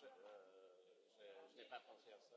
je, euh, je, je n'ai pas pensé à ça.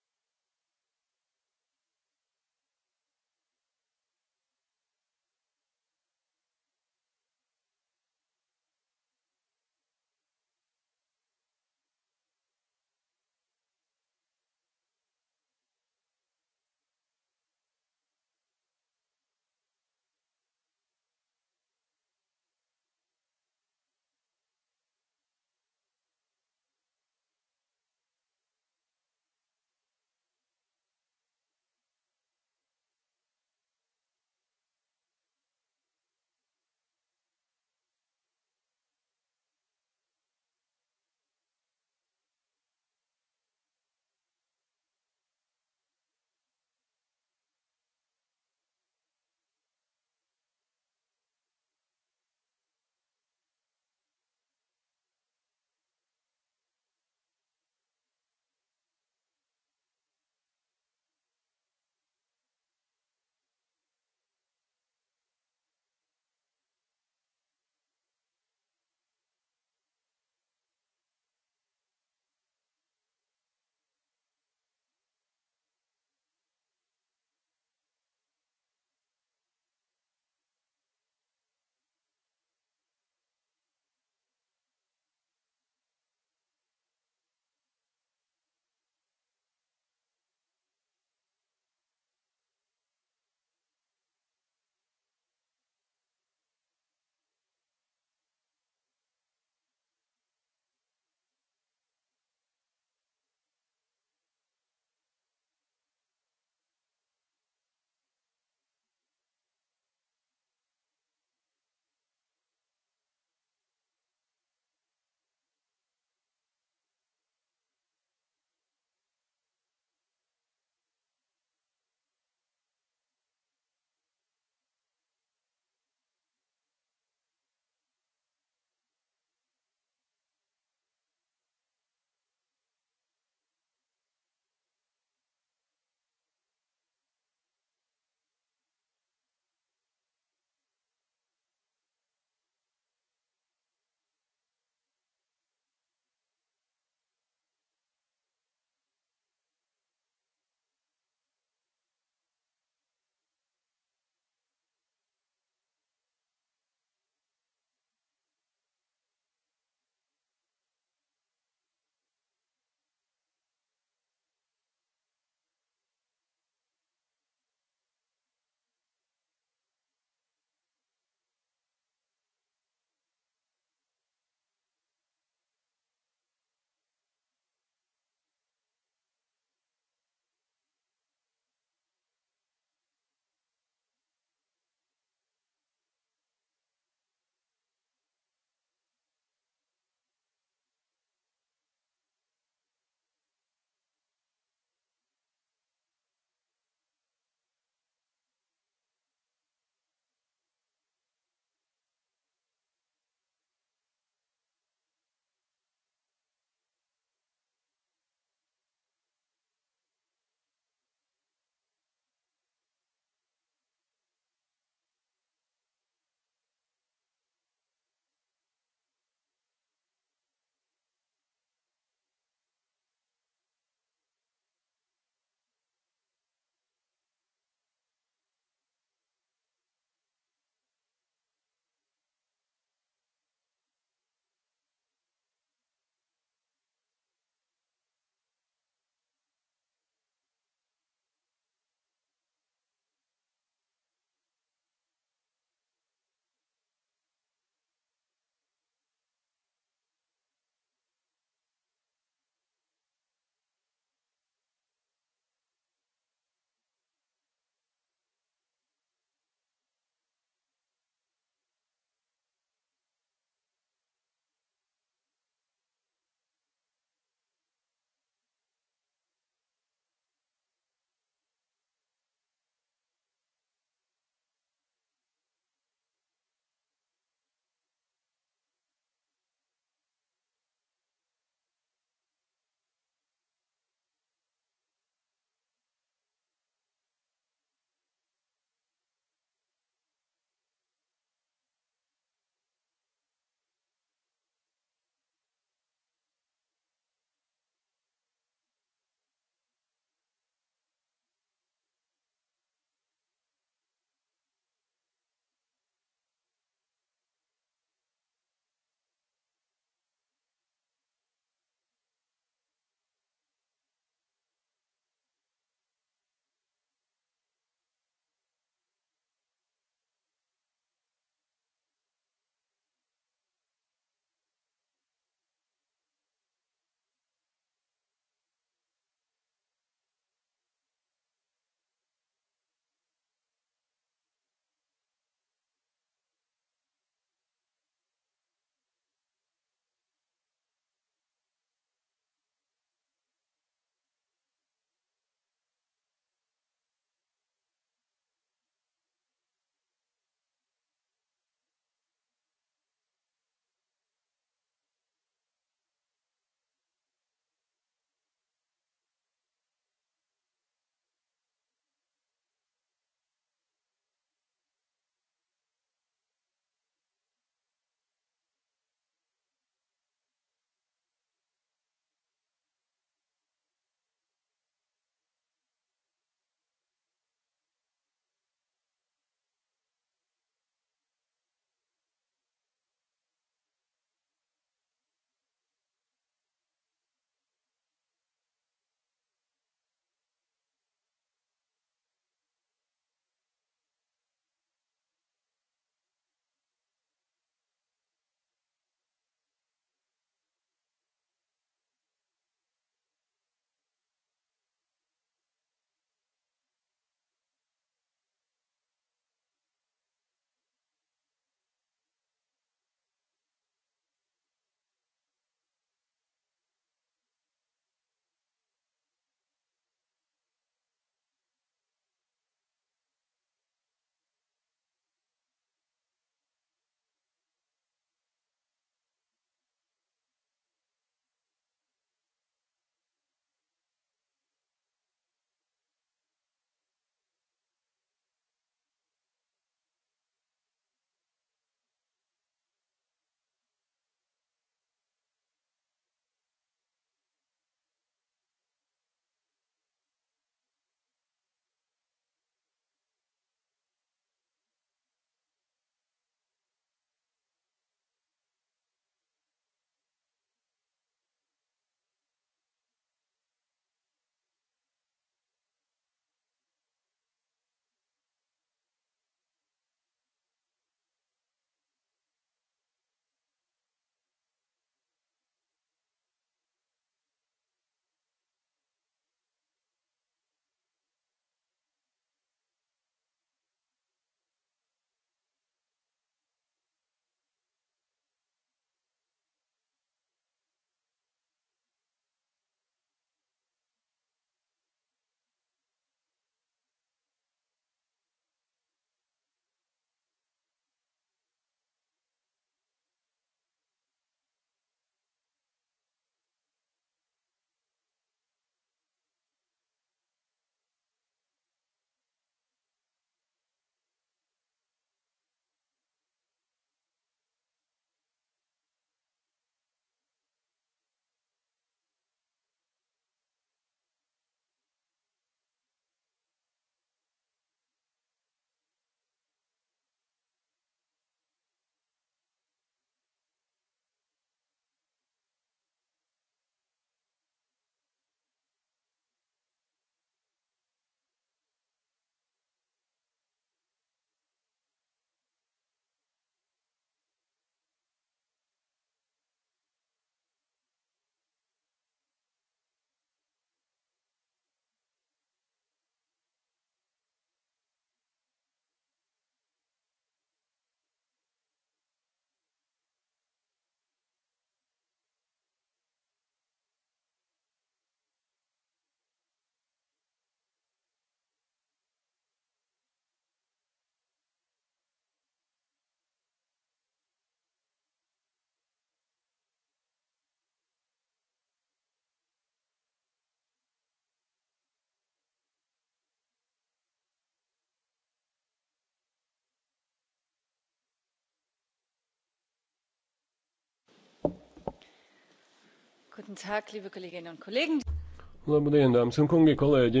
Labdien, dāmas un kungi, kolēģi!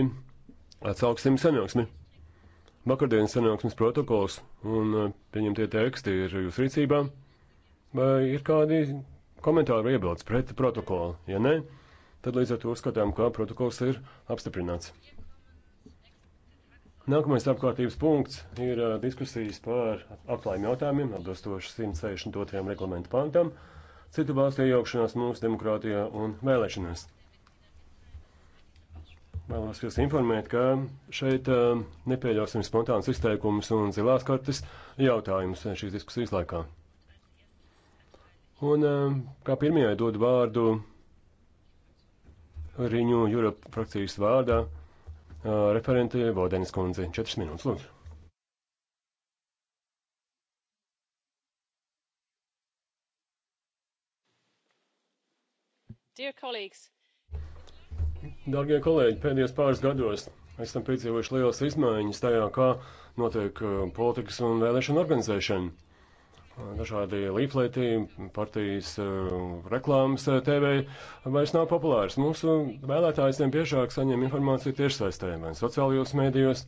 Atsauksim sanāksmi. Vakardienas sanāksmes protokols un eh, pieņemtie teksti ir jūsu rīcībā. Vai ir kādi komentāri iebildes pret protokolu? Ja nē, tad līdz ar to uzskatām, ka protokols ir apstiprināts. Nākamais apkārtības punkts ir eh, diskusijas par atklājiem jautājumiem, atbilstoši 162. reglamentu pantam citu valstu iejaukšanās mūsu demokrātijā un vēlēšanās. Vēlos jūs informēt, ka šeit uh, nepieļausim spontānas izteikumus un zilās kartes jautājumus šīs diskusijas laikā. Un uh, kā pirmajai dod vārdu Riņu Jura frakcijas vārdā uh, referente Vodenis Kundze. Četras minūtes, lūdzu. Darbie kolēģi, pēdējos pāris gados esam piedzīvojuši lielas izmaiņas tajā, kā notiek uh, politikas un vēlēšana organizēšana. Uh, dažādi līplētī, partijas uh, reklāmas TV vairs nav populārs. Mūsu vēlētājs vien biežāk saņem informāciju tiešsaistē vai sociālajos mēdījos,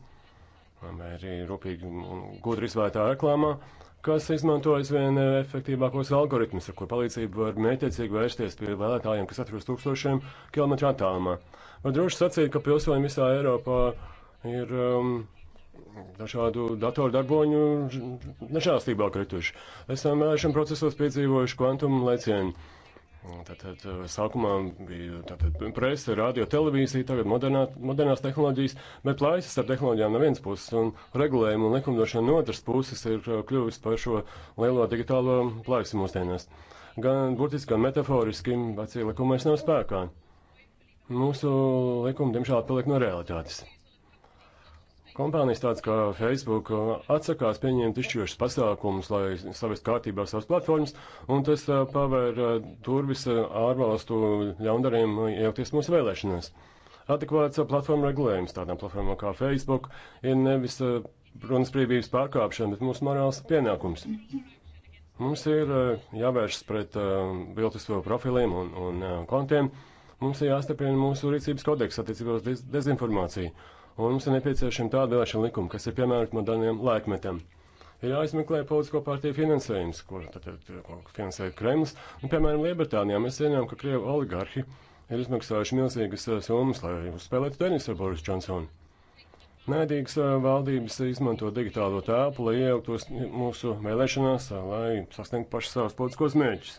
vai arī rūpīgi un gudri izvērtā reklāmā kas izmanto aizvien eh, efektīvākos algoritmus, ar kur palīdzību var mētiecīgi vērsties pie vēlētājiem, kas atrodas tūkstošiem kilometru attālumā. Var droši sacīt, ka pilsoņi visā Eiropā ir um, dažādu datoru darboņu nežēlstībā krituši. Esam eh, šim procesos piedzīvojuši kvantumu lecienu Tātad eh, sākumā bija tātad, presa, radio, televīzija, tagad modernā, modernās tehnoloģijas, bet plaisas ar tehnoloģijām no vienas puses un regulējumu un likumdošanu no otras puses ir eh, kļuvis par šo lielo digitālo plaisu mūsdienās. Gan burtiski, gan metaforiski vecie likumi vairs nav spēkā. Mūsu likumi, diemžēl, paliek no realitātes. Kompānijas tādas kā Facebook atsakās pieņemt izšķirošas pasākumus, lai savest kārtībā savas platformas, un tas pavēr turvis ārvalstu ļaundariem iejaukties mūsu vēlēšanās. Adekvāts platforma regulējums tādām platformām kā Facebook ir nevis runas brīvības pārkāpšana, bet mūsu morāls pienākums. Mums ir jāvēršas pret viltusko profiliem un, un kontiem. Mums ir jāstiprina mūsu rīcības kodeks attiecībā uz dezinformāciju. Un mums ir nepieciešama tāda vēlēšana likuma, kas ir piemērota moderniem laikmetam. Ir jāizmeklē politisko partiju finansējums, ko tātad, finansē Kremlis. Un, piemēram, Lielbritānijā mēs zinām, ka Krievu oligarhi ir izmaksājuši milzīgas eh, summas, lai uzspēlētu tenisu ar Boris Johnsonu. Nēdīgas eh, valdības izmanto digitālo tēlu, lai iejauktos mūsu vēlēšanās, eh, lai sasniegtu pašas savas politiskos mērķus.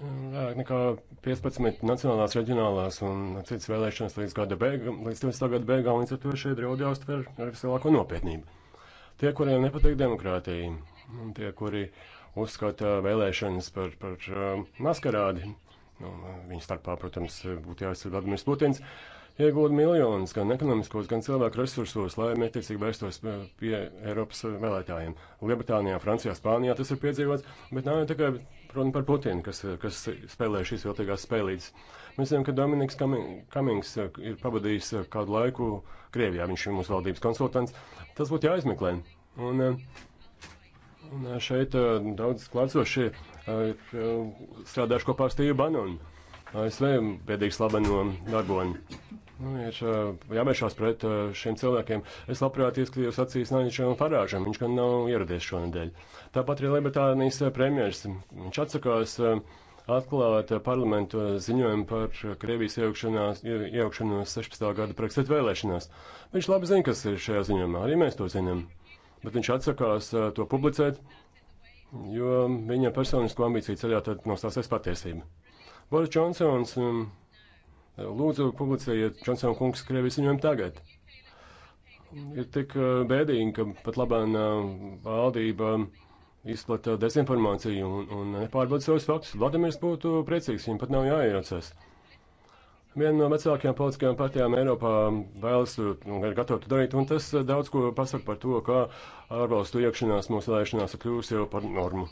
Vairāk nekā 15 nacionālās, reģionālās un citas vēlēšanas līdz gada beigām, līdz 20. gada beigām, līdz ar to šie draudi jāuztver ar vislielāko nopietnību. Tie, kuriem nepatīk demokrātija, un tie, kuri uzskata vēlēšanas par, par uh, maskarādi, nu, viņu starpā, protams, būtu jāizsver Vladimirs Putins, iegūda miljonus gan ekonomiskos, gan cilvēku resursos, lai mērķtiecīgi vērstos uh, pie Eiropas uh, vēlētājiem. Lielbritānijā, Francijā, Spānijā tas ir piedzīvots, bet nav tikai Runa par Putinu, kas, kas spēlē šīs viltīgās spēlītes. Mēs zinām, ka Dominiks Kamings uh, ir pavadījis uh, kādu laiku Krievijā. Viņš ir mūsu valdības konsultants. Tas būtu jāizmeklē. Un, uh, un šeit daudz klātsoši strādājuši kopā ar Stīvu Banonu. ASV pēdīgi slava no Darbona. Nu, ir jāvēršās pret šiem cilvēkiem. Es labprāt ieskatījos acīs Nāņķam Farāžam, viņš gan nav ieradies šonadēļ. Tāpat arī Lielbritānijas premjers, viņš atsakās atklāt parlamentu ziņojumu par Krievijas iejaukšanos 16. gada Brexit vēlēšanās. Viņš labi zina, kas ir šajā ziņojumā, arī mēs to zinām, bet viņš atsakās to publicēt, jo viņa personisko ambīciju ceļā tad nostāsies patiesība. Boris Džonsons Lūdzu, publicējiet Džonsona kungs Krievijas ziņojumu tagad. Ir tik uh, bēdīgi, ka pat labāk uh, valdība izplata dezinformāciju un, un nepārbauda savus faktus. Vladimirs būtu priecīgs, viņam pat nav jāierocas. Viena no vecākajām politiskajām partijām Eiropā vēlas uh, un ir gatava to darīt, un tas daudz ko pasaka par to, ka ārvalstu iekšanās mūsu vēlēšanās ir kļuvusi jau par normu.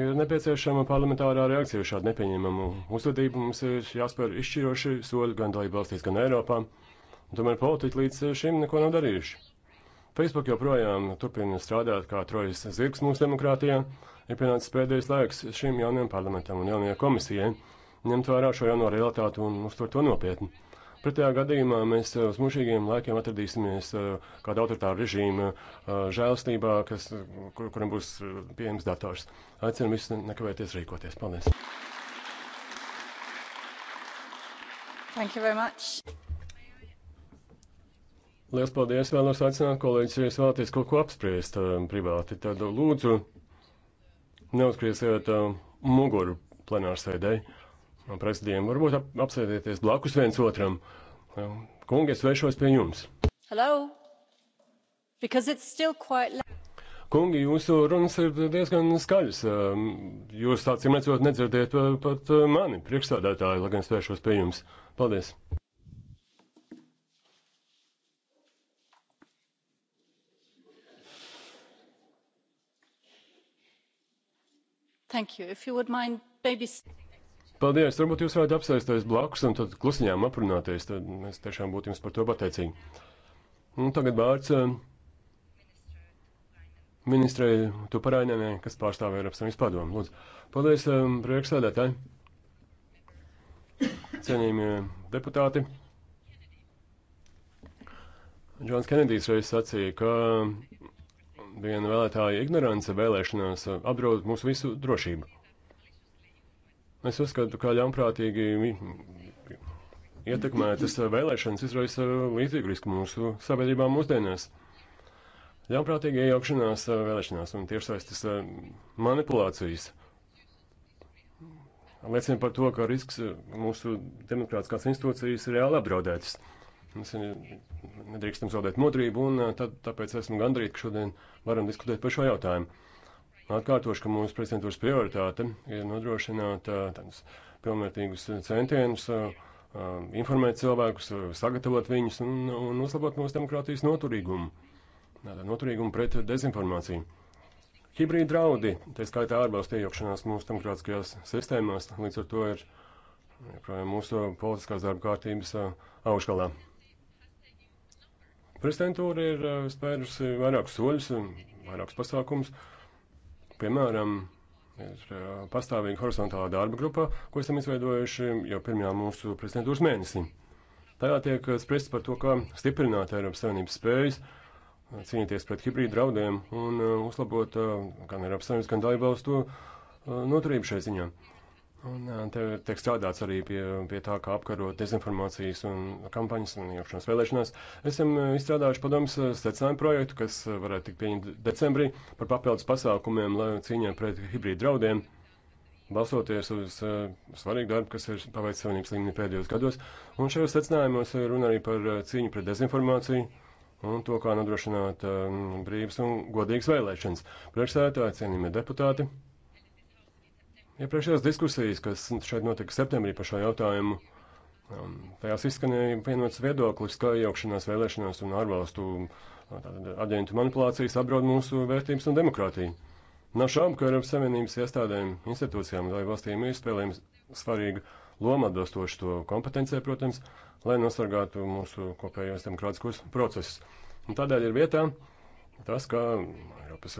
Ir nepieciešama parlamentārā reakcija uz šādu nepieņemamu uzvedību. Mums ir jāspēr izšķiroši soļi gan dalību valstīs, gan Eiropā. Tomēr politiķi līdz šim neko nav darījuši. Facebook joprojām turpina strādāt kā trojas zirgs mūsu demokrātijā. Ir pienācis pēdējais laiks šim jaunajam parlamentam un jaunajai komisijai ņemt vērā šo jauno realitāti un uztvert to nopietni. Pretējā gadījumā mēs uz eh, mužīgiem laikiem atradīsimies eh, kāda autoritāra režīma eh, žēlstībā, kas, kur, kuram būs pieejams dators. Aicinu visus nekavēties rīkoties. Paldies! Thank you very much. Lielas paldies! Vēlos aicināt kolēģis, ja jūs vēlaties kaut ko apspriest privāti, tad lūdzu neuzkriesiet muguru plenārsēdēji prezidiem. Varbūt ap, apsēdieties blakus viens otram. Kungi, es vēršos pie jums. Hello? Because it's still quite late. Kungi, jūsu runas ir diezgan skaļas. Ehm, jūs acīm redzot nedzirdiet eh, pat eh, mani, priekšstādātāji, lai gan es vēršos pie jums. Paldies! Thank you. If you would mind maybe Paldies! Varbūt jūs varētu apsēsties blakus un tad klusiņām aprunāties. Tad mēs tiešām būtu jums par to pateicīgi. Un tagad vārds eh, ministrei Tuparainenē, kas pārstāv Eiropas Savienības padomu. Lūdzu, paldies eh, priekšsēdētāji, cienījamie deputāti. Džons Kenedijs reiz sacīja, ka viena vēlētāja ignorance vēlēšanās apdraud mūsu visu drošību. Es uzskatu, ka ļaunprātīgi ietekmētas vēlēšanas izraisa līdzīgu risku mūsu sabiedrībā mūsdienās. Ļaunprātīgi iejaukšanās eh, vēlēšanās un tiešsaistes eh, manipulācijas liecina par to, ka risks eh, mūsu demokrātiskās institūcijas ir reāli apdraudētas. Mēs nedrīkstam zaudēt modrību, un tā, tāpēc esmu gandrīz, ka šodien varam diskutēt par šo jautājumu. Atkārtošu, ka mūsu prezidentūras prioritāte ir nodrošināt tādus pilnvērtīgus centienus, informēt cilvēkus, sagatavot viņus un, un uzlabot mūsu demokrātijas noturīgumu, noturīgumu pret dezinformāciju. Hibrīda draudi, tā skaitā ārvalstu iejaukšanās mūsu demokrātiskajās sistēmās, līdz ar to ir joprojām mūsu politiskās darba kārtības augškalā. Prezidentūra ir spērusi vairākus soļus, vairākus pasākumus. Uh, Piemēram, ir pastāvīga horizontālā darba grupa, ko esam izveidojuši jau pirmajā mūsu prezidentūras mēnesī. Tajā tiek spriests par to, kā stiprināt Eiropas Savienības spējas cīnīties pret hibrīdu draudiem un uzlabot gan Eiropas Savienības, gan dalībvalstu noturību šai ziņā. Un te tiek strādāts arī pie, pie tā, kā apkarot dezinformācijas un kampaņas un iekšanas vēlēšanās. Esam izstrādājuši padomus secinājumu projektu, kas varētu tikt pieņemts decembrī par papildus pasākumiem, lai cīņā pret hibrīdu draudiem, balstoties uz uh, svarīgu darbu, kas ir paveicis savienības līmenī pēdējos gados. Un šajos secinājumos runa arī par cīņu pret dezinformāciju un to, kā nodrošināt um, brīvas un godīgas vēlēšanas. Priekšsētāji, cienījamie deputāti! Iepriekšējās diskusijas, kas šeit notika septembrī par šo jautājumu, um, tajās izskanēja vienots viedoklis, ka iejaukšanās vēlēšanās un ārvalstu uh, aģentu manipulācijas apdraud mūsu vērtības un demokrātiju. Nav šaubu, ka Eiropas Savienības iestādēm, institūcijām vai valstīm ir spēlējums svarīga loma atbilstoši to kompetencijai, protams, lai nosargātu mūsu kopējos demokrātiskos procesus. Un tādēļ ir vietā tas, ka